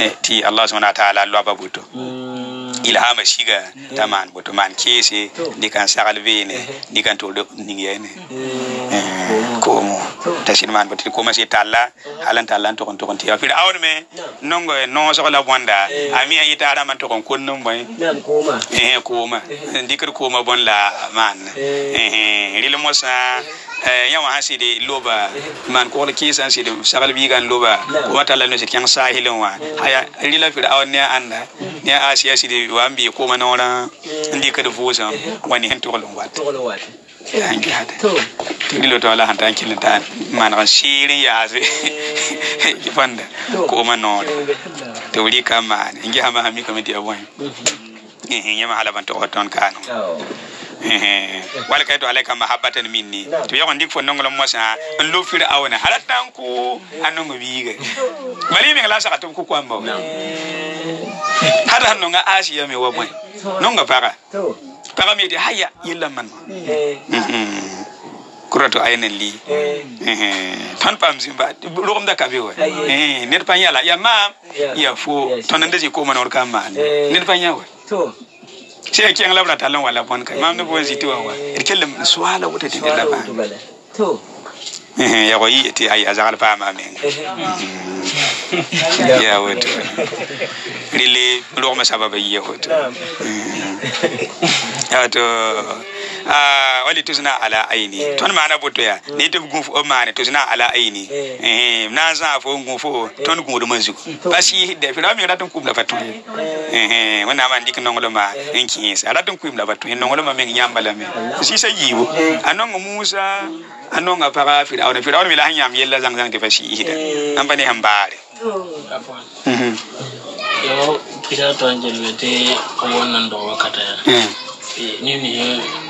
Eh, ti allah subhanahu wa ta'ala lo ababuto hmm. Mm-hmm. ilhama shiga t'a maan boto maan keese dɩkan sagl veene dɩkan tʋʋrd ning yɛne koomo t'a sɩd maan boto tɩ koma talla hal talla n tʋg n tʋg n tɩ pɩr aon me nong noosg la bõnda a mi mm. ah, a yɩta rãmb n tʋg n kon n bõe kooma n dɩkd kooma bõn la maanna rɩl mosã yã wã sãn sɩd loba maan kogl kɩɩsã n sɩd sagl biigã n loba koma talla ne sɩd kẽng saasɩl n wã aya rɩla pɩr ne a ne a asɩa wan n bɩ kooma noorã n dɩkd vʋʋsã wa ne sẽn togl n wat rɩlo tɩ la sãn ta n kell n ta maneg n seer n yaase bõnda kooma noore tɩ b rɩka n maane n gesã masã mikame tɩ ya bõe yẽ masã la bãn togr tõnd kaanẽ wal kayto alayka mahabbatan minni to yagon dik fo nongolo mo sa an lo fir awna halat tan ku anongo wiiga bali mi ngala sa tum ku kwambo hada nonga asiya mi wabo nonga paga paga mi de haya yella man mm-hmm. kurato ayene li ton pam zimba lugum da kabe wa net pa yala ya mam ya fo ton ndesi ko manor kam man net pa nyawa to tɩ ya kẽng labra b rata lan wala bõn ka mam neb wa zĩ tɩ wa wa d kellem n soaala wota tɩ dɩ la bãa ya wa ti ay azal pa ma men mm-hmm. ya wato rile ro ma sababa yi ya wato ya wato Ah, wali tuzna ala aini ton mana boto ya ne te gun fo mana tuzna ala aini eh na eh. oh, eh. eh, za fo gun fo ton gun do manzu basi de fi rami ratun kum la fatu eh wana man dik nongolo ma en kins ratun kum la fatu en nongolo ma men nyambala me si sa yiwo anongo musa anonga para fi awon fi awon mi la hanyam yella zang zang te fasi ida amba ne hambare oh. mhm yo kisa to anjel wete ko wonan do wakata ya ni ni